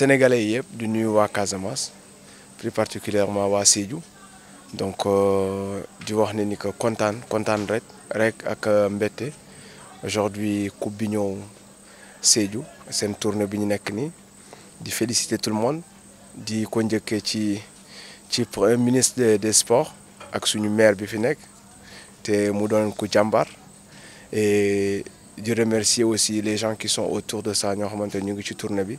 sénégalais yi du di nuyu Casamance plus particulièrement wa Sédhiou donc euh, du wax ne ni que kontaan kontaan rek rek ak euh, mbété aujourd'hui coupe bi ñëw c'est tournée bi ñu di féliciter tout le monde di ko njëkkee ci ci ministre des sports ak suñu maire bi fi nek té mu don ku jambar et je remercier aussi les gens qui sont autour de ça ñoo xamante ñu ngi ci tournée bi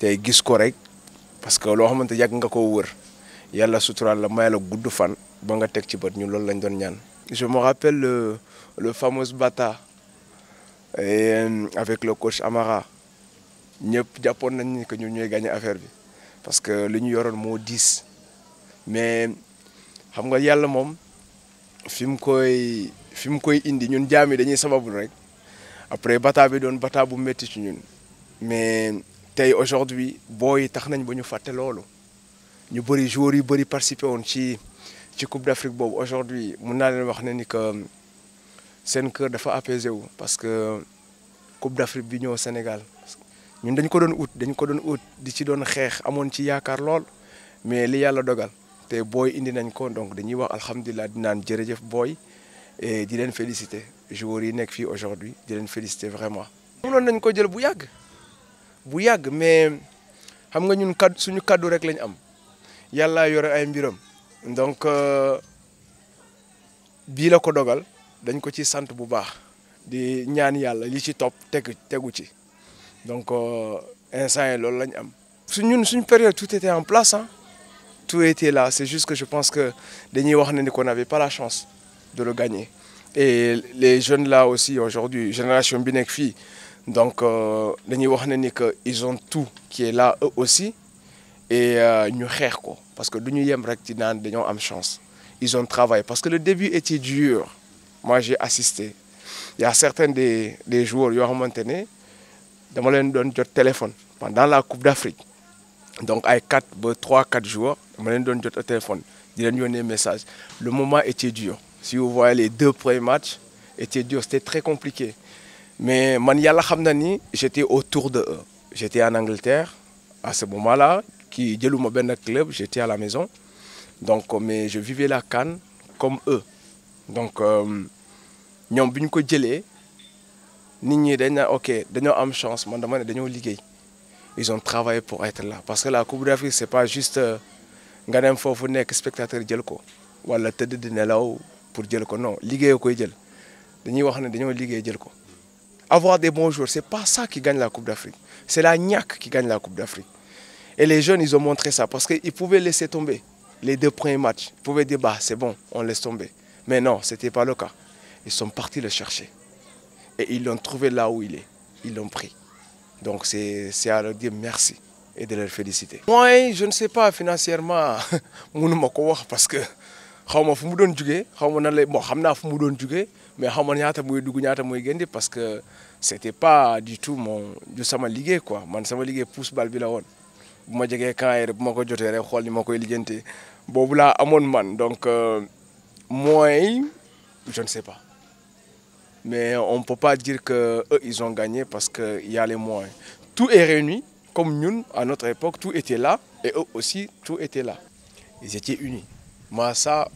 tay gis ko parce que nous xamante yag nga ko wër yalla sutural la may la fan ba nga tek ci je me rappelle le fameux Bata euh, avec le coach Amara ñep japon nañ ni que gagné affaire parce que le ñu yoroon 10. mais xam nga yalla mom fim koy indi ñun dañuy après Bata bi doon Bata bu metti ci ñun mais tey aujourd'hui Boy, tax nañ ba ñu fàtte loolu ñu bari joueurs yu bari participé won ci ci coupe d'Afrique boobu aujourd'hui mu naa leen wax ne ni que sen cœur dafa apaisé wu parce que coupe d'Afrique bi ñëw Sénégal ñun dañ ko doon out, dañ ko doon out, di ci doon xeex amon ci yaakaar lool mais li yalla dogal té boy indi nañ ko donc dañuy wax alhamdoulillah di nan jërëjëf boy et di leen féliciter joueurs yi nek fi aujourd'hui di leen féliciter vraiment. mënoon nañ ko jël bu yàgg bu mais xam nga ñun kaddu suñu kaddu rek lañ am yàlla yore ay mbiram donc euh, bii la ko dogal dañ ko ci sant bu baax di ñaan yàlla li ci topp tegu donc euh, instant yi lañ am une période tout était en place hein, tout était là c'est juste que je pense que les wax qu'on pas la chance de le gagner et les jeunes là aussi aujourd'hui génération binekfi donc euh, ils ont tout qui est là eux aussi et euh, ñu xeex parce que nous avons chance ils ont travaillé parce que le début était dur moi j'ai assisté il y a certains des des joueurs qui ont donné dama téléphone pendant la coupe d'Afrique donc avec 3-4 trois quatre joueurs ils m'ont donné le téléphone. téléphone m'ont donné un message le moment était dur si vous voyez les deux premiers matchs étaient durs c'était très compliqué mais Maniala Khamdani, j'étais autour de eux. J'étais en Angleterre à ce moment-là, qui le club, j'étais à la maison. Donc, euh, mais je vivais la Cannes comme eux. Donc, nous euh, avons ko ni nit ñi dañ OK am chance mon dama dañu liguey ils ont travaillé pour être là parce que la coupe d'Afrique c'est pas juste un euh, dem fofu nek spectateur ou ko wala teud di nelaw pour jël ko non liguey koy djel. dañuy wax ne dañu liguey avoir des bons jours, Ce n'est pas ça qui gagne la Coupe d'Afrique. C'est la gnaque qui gagne la Coupe d'Afrique. Et les jeunes, ils ont montré ça parce qu'ils pouvaient laisser tomber les deux premiers matchs. Ils pouvaient dire, bah, c'est bon, on laisse tomber. Mais non, ce n'était pas le cas. Ils sont partis le chercher. Et ils l'ont trouvé là où il est. Ils l'ont pris. Donc c'est à leur dire merci et de leur féliciter. Moi, je ne sais pas financièrement, je ne sais parce que je ne sais pas je suis, je mais je ma ñaata muy dugg ñaata muy parce que c'était pas du tout mon du sama liggéey quoi man sama liggéey pousse balle. bi la woon bu ma jegee camp rek bu ko jotee rek xool ni ma koy man donc euh, moins, je ne sais pas mais on ne peut pas dire que eux ils ont gagné parce que y a les moyens tout est réuni comme nous, à notre époque tout était là et eux aussi tout était là ils étaient unis ma ça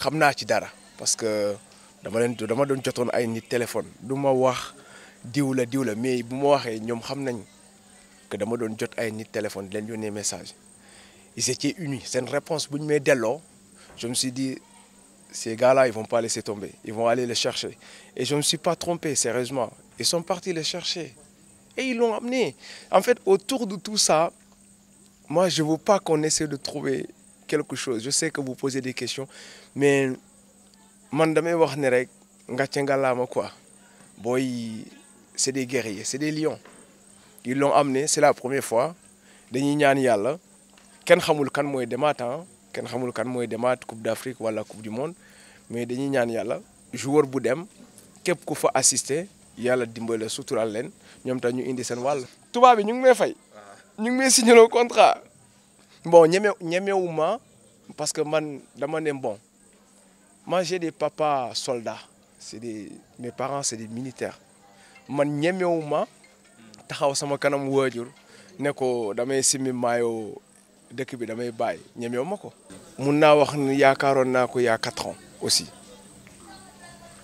xam ci dara parce que dama len dama don jotone ay nit téléphone du wax diw la diw la mais bu ma ñom ñoom xam que dama don jot ay nit téléphone di leen yónnee message ils étaient unis une réponse Mais me lors, je me suis dit ces gars-là ils vont pas laisser tomber ils vont aller les chercher et je me suis pas trompé sérieusement ils sont partis les chercher et ils l'ont amené en fait autour de tout ça moi je veux pas qu'on essaie de trouver quelque chose je sais que vous posez des questions mais man damay wax c'est des guerriers c'est des lions ils l'ont amené c'est la première fois dañuy ñaan yalla ken xamul kan ah. coupe d'Afrique wala coupe du monde mais dañuy ñaan joueur bu dem kep ku fa assister yalla len ñom matchs. ñu indi sen bi ñu ngi may fay. ñu ngi may contrat. bon parce que man dama bon. Moi, j'ai des papas soldats. Des, mes parents, c'est des militaires. man ñemewuma taxaw sama kanam waajur neko ko damay simmi maayoo dëkk bi damay bàyyi ñemewuma ko. mun naa wax ne yaakaaroon naa ko il y a quatre ans aussi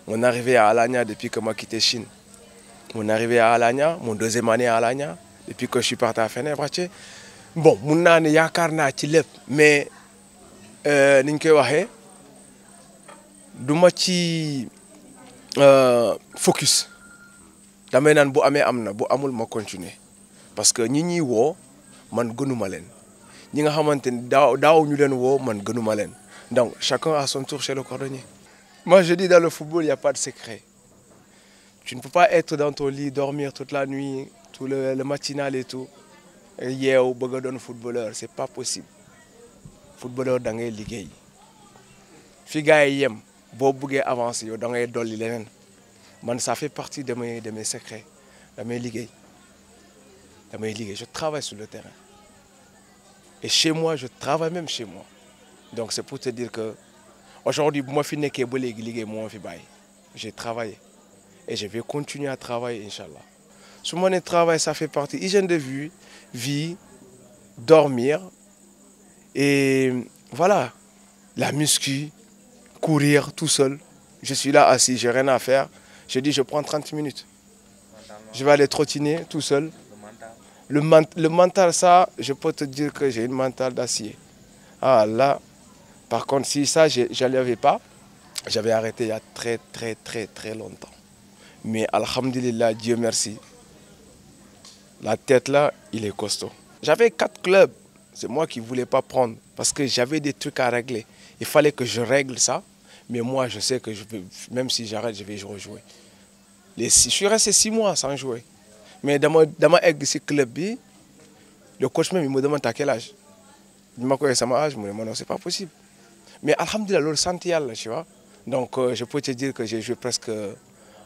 est arrivé à Alanya depuis que ma quitté Chine est arrivé à Alanya mon deuxième année à Alanya depuis que je suis parti à Fenerbahçe bon mun naa ne yaakaar naa ci lépp mais euh, niñ koy waxee. Je ma euh, focus damay nan bu amé amna bu amul ma continuer parce que ñi ñi wo man gënuma len ñi nga xamanteni daw ñu len wo man gënuma len donc chacun a son tour chez le cordonnier. Moi je dis dans le football il n'y a pas de secret tu ne peux pas être dans ton lit dormir toute la nuit tout le, le matinal et tout yeew bëgg a doon footballeur c'est pas possible footballeur da ngay liggéey fi gars yem vous avancer vous da dolli ça fait partie de mes de mes secrets je travaille sur le terrain et chez moi je travaille même chez moi donc c'est pour te dire que aujourd'hui moi fi nekkee ba Je moi j'ai travaillé et je vais continuer à travailler Inshallah Sur mon travail ça fait partie hygiène de vie vie dormir et voilà la muscu courir tout seul. Je suis là assis, j'ai rien à faire. Je dis, je prends 30 minutes. Je vais aller trottiner tout seul. Le mental, le mental ça, je peux te dire que j'ai une mental d'acier. Ah là, par contre, si ça, je avais pas, j'avais arrêté il y a très, très, très, très longtemps. Mais Alhamdulillah, Dieu merci. La tête là, il est costaud. J'avais quatre clubs. C'est moi qui ne voulais pas prendre parce que j'avais des trucs à régler. Il fallait que je règle ça. Mais moi, je sais que je même si j'arrête, je vais rejouer. Les je suis resté six mois sans jouer. Mais dans mon, club, le coach même, il me demande à quel âge. Il m'a dit, à mon âge, je me dit non, c'est pas possible. Mais Alhamdulillah, le senti, tu vois. Donc, euh, je peux te dire que j'ai joué presque euh,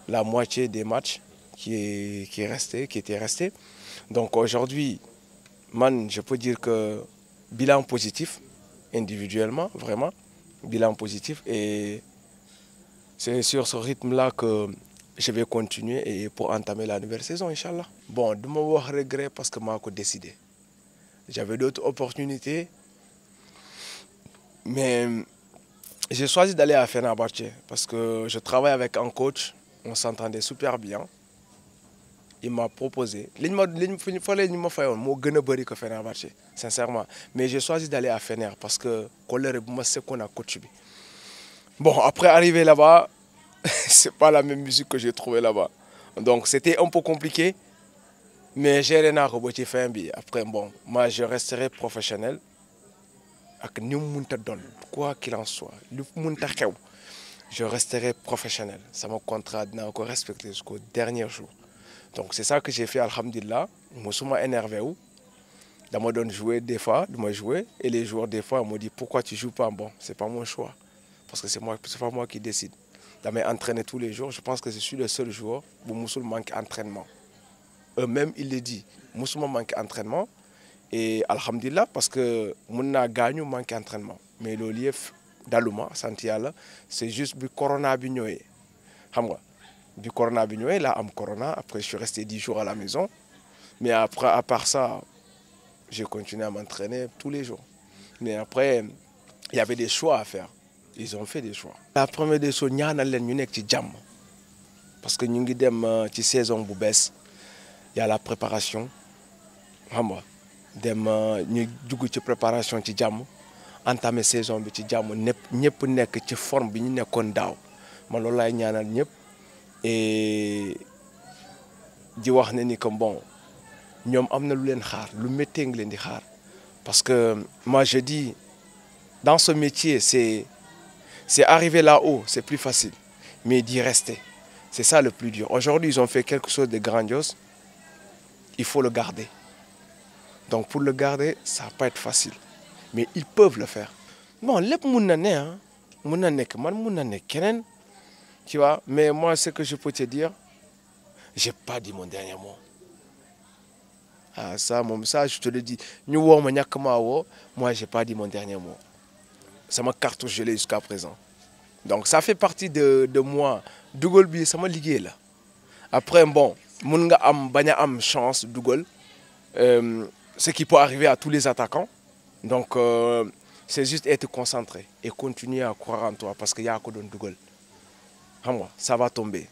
la moitié des matchs qui, qui, qui étaient restés. Donc, aujourd'hui, je peux dire que bilan positif, individuellement, vraiment bilan positif. Et c'est sur ce rythme-là que je vais continuer et pour entamer la nouvelle saison, Inch'Allah. Bon, de mon regret parce que je décidé. J'avais d'autres opportunités, mais j'ai choisi d'aller à Fenerbahce parce que je travaille avec un coach, on s'entendait super bien il m'a proposé. Ligne fallait m'a fayon mo gëna bari que marché sincèrement mais j'ai choisi d'aller à Fener parce que colère moi c'est qu'on a coach Bon après arriver là-bas c'est pas la même musique que j'ai trouvée là-bas. Donc c'était un peu compliqué mais j'ai rien à reboti fin après bon moi je resterai professionnel ak ni quoi qu'il en soit je resterai professionnel. Ça mon contrat n'a encore respecté jusqu'au dernier jour donc c'est ça que j'ai fait alhamdulillah m'a énervé Je me donne jouer des fois et les joueurs des fois me dit pourquoi tu joues pas bon n'est pas mon choix parce que c'est moi c'est pas moi qui décide Je entraîner tous les jours je pense que je suis le seul joueur où Moussoule manque d'entraînement. eux-mêmes ils le dit musuma manque entraînement et alhamdulillah parce que mon gagne manque entraînement mais le lieu daluma Santiala, c'est juste le corona bi du corona bi corona après je suis resté 10 jours à la maison mais après à part ça j'ai continué à m'entraîner tous les jours mais après il y avait des choix à faire ils ont fait des choix. la première des choses ñu nek ci jamm parce que ñu ngi dem euh, ci saison bu Il y a la préparation Nous avons dem euh, ñu dugg ci préparation ci jamm entamer saison bi ci jamm ñëpp ñep nek ci forme bi ñu nekkoon daw man lolay et di wax ni que bon ñom sommes lu leen xaar lu ngi parce que moi je dis dans ce métier c'est c'est arriver là-haut c'est plus facile mais d'y rester c'est ça le plus dur aujourd'hui ils ont fait quelque chose de grandiose il faut le garder donc pour le garder ça va pas être facile mais ils peuvent le faire bon les na hein, man mais moi, ce que je peux te dire, j'ai pas dit mon dernier mot. Ah, ça, mon, je te le dis. Moi, j'ai pas dit mon dernier mot. Ça m'a cartouchelé jusqu'à présent. Donc, ça fait partie de, de moi. Dougal ça m'a ligué là. Après, bon, munga am, chance, Dougal. Euh, ce qui peut arriver à tous les attaquants. Donc, euh, c'est juste être concentré et continuer à croire en toi parce qu'il y a un Dougal ça va tomber.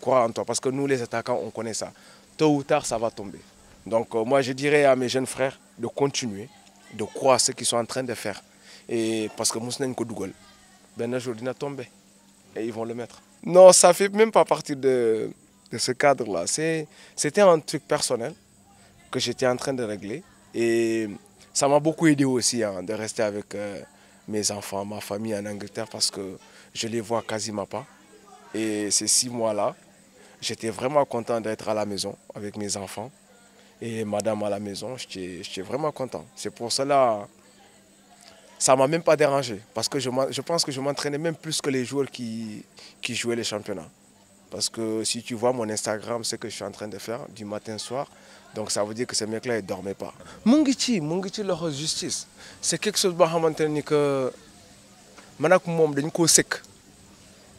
Crois en toi, parce que nous les attaquants, on connaît ça. Tôt ou tard, ça va tomber. Donc euh, moi, je dirais à mes jeunes frères de continuer, de croire ce qu'ils sont en train de faire. Et parce que Moussane Kodougol, ben aujourd'hui, il va tombé. Et ils vont le mettre. Non, ça ne fait même pas partie de, ce cadre-là. C'était un truc personnel que j'étais en train de régler. Et ça m'a beaucoup aidé aussi hein, de rester avec euh, mes enfants, ma famille en Angleterre, parce que je les vois quasiment pas. Et ces six mois-là, j'étais vraiment content d'être à la maison avec mes enfants et madame à la maison. J'étais vraiment content. C'est pour cela, ça ne m'a même pas dérangé. Parce que je, je pense que je m'entraînais même plus que les joueurs qui, qui jouaient les championnats. Parce que si tu vois mon Instagram, ce que je suis en train de faire du matin au soir, donc ça veut dire que ces mecs-là, ils ne dormaient pas. Mungiti, Mungiti, leur justice, c'est quelque chose que je que je suis sec.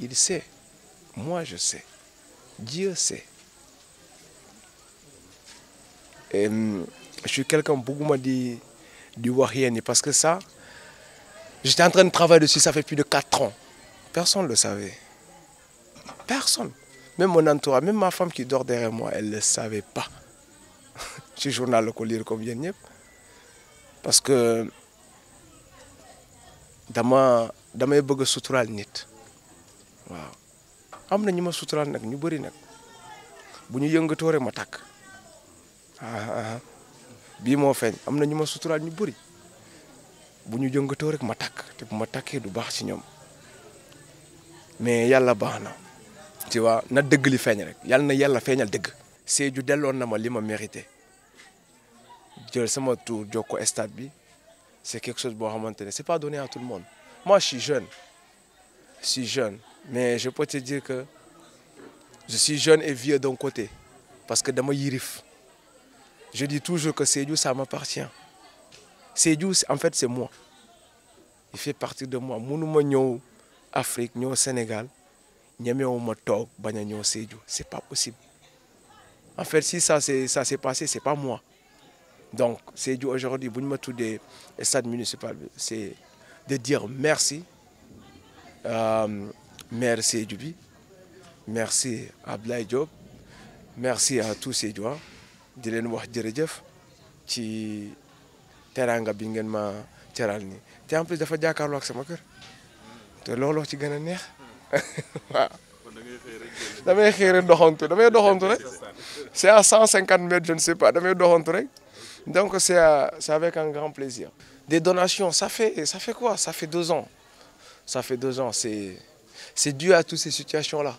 Il sait. Moi, je sais. Dieu sait. Hum, je suis quelqu'un beaucoup moins dit du Wahien parce que ça, j'étais en train de travailler dessus, ça fait plus de 4 ans. Personne ne le savait. Personne. Même mon entourage, même ma femme qui dort derrière moi, elle ne le savait pas. je journal qu'on comme combien Parce que dans ma, dans ma waaw am na ñu ma suturaal nag ñu bëri nag bu ñu yëngatoo rek ma tàkk ah, ah, ah bii moo feeñ am na ñu ma suturaal ñu bëri bu ñu yëngatoo rek ma tàkk te bu ma tàkkee du baax ci ñoom mais yàlla baax na tu vois na dëgg li feeñ rek yàlla na yàlla feeñal dëgg. Sédhiou delloon na ma li ma mérité jël sama tour jox ko stade bi c'est quelque chose boo xamante ne c'est pas donné à tout le monde moi je suis jeune je suis jeune mais je peux te dire que je suis jeune et vieux d'un côté parce que dans mon yirif je dis toujours que Seydou, ça m'appartient Seydou, en fait c'est moi il fait partie de moi sommes en Afrique nous Sénégal nous sommes au c'est pas possible en fait si ça s'est passé c'est pas moi donc Seydou, aujourd'hui vous me ma des stade municipal c'est de dire merci euh, Merci Seydoubi, merci à Diop merci à tous ces gens, de leen wax jërëjëf ci teraanga bi ngeen ma teral nii te en plus dafa jàkkaarloo ak sama kër te looloo ci gëna a neex Da may xëy rek da may doxantu rek c'est à 150 mètres je ne sais pas may doxantu rek donc c'est à c'est avec un grand plaisir. des donations ça fait ça fait quoi ça fait deux ans ça fait deux ans c'est c'est dû à toutes ces situations-là.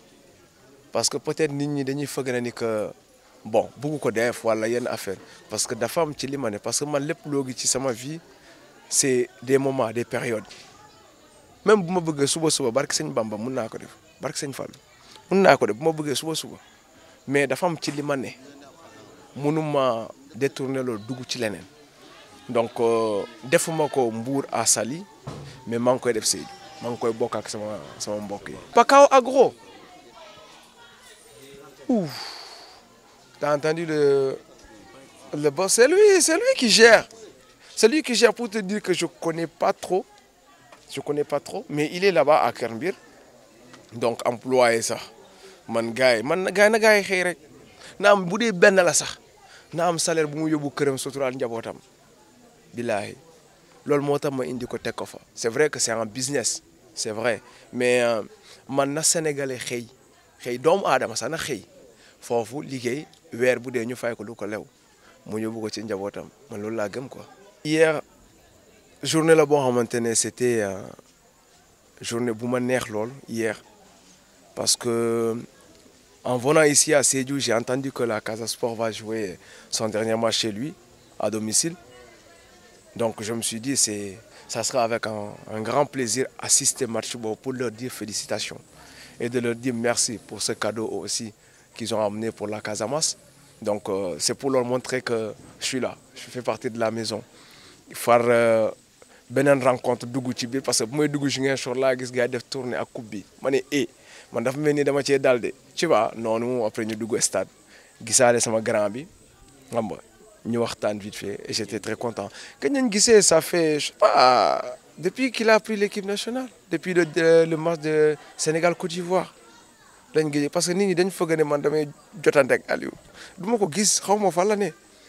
Parce que peut-être nit ñi dañuy fëgg na ni que bon bëgg ko def wala yenn affaire parce que da fam ci limane parce que man lepp logi ci sama vie c'est des moments des périodes même buma bëgg suba suba barke sëñ Bamba mën naa ko def barke sëñ Fallou mën naa ko def buma bëgg suba suba mais da fam ci li ma mënuma détourner loolu dugg ci lenen donc euh, defuma ko Mbour à Sali, mais man ngi koy def Sédhiou. Je koy bokk ak Pakao Agro ouf t'as entendu le le boss c'est lui c'est lui qui gère c'est lui qui gère pour te dire que je connais pas trop je connais pas trop mais il est là-bas à Kermbir. donc employé ça. man gars man gars na gars Je rek na am boudé ben la sax na am salaire bu mu yobou kërëm sotural Lol moo ma indi ko ko fa c'est vrai que c'est un business c'est vrai mais euh, man na sénégalais xëy xëy doomu aadama sax na xëy foofu liggéey weer bu dee ñu fay ko lu ko lew mu yóbbu ko ci njabootam man Lol la gëm quoi. hier journée la boo xamante ne c'était euh, journée bu ma neex lool hier parce que euh, en venant ici à Sédhiou j'ai entendu que la Casa Sport va jouer son dernier match chez lui à domicile. Donc je me suis dit, ça sera avec un, grand plaisir assister Marchibo pour leur dire félicitations et de leur dire merci pour ce cadeau aussi qu'ils ont amené pour la Casamas. Donc euh, c'est pour leur montrer que je suis là, je fais partie de la maison. Il faut faire une euh, rencontre Dougou Tibi parce que moi Dougou je suis là, je suis tourner à Koubi. Je suis eh, man dafa dalde tu vois Nous après ñu dugg stade suis sama grand bi ñu vite fait et j'étais très content on nañ vu, ça fait je sais pas depuis qu'il a pris l'équipe nationale depuis le match de Sénégal Côte d'Ivoire parce que nous, avons dañ foog ne man damay jotante ak Aliou du ma ko gis la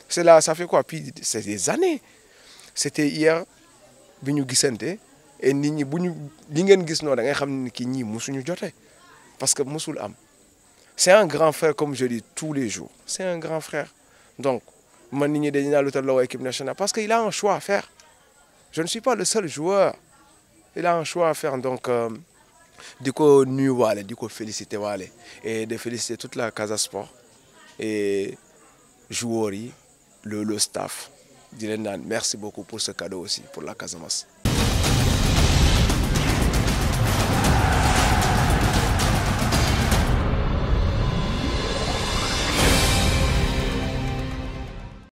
c'est là ça fait quoi puis c'est des années c'était hier bi gisante et nous avons li ngeen gis noonu da ngay xam parce que musul am c'est un grand frère comme je dis tous les jours c'est un grand frère donc parce qu'il a un choix à faire je ne suis pas le seul joueur il a un choix à faire donc dico nous dico et de féliciter toute la Casa Sport et joueurs le staff merci beaucoup pour ce cadeau aussi pour la Casamance.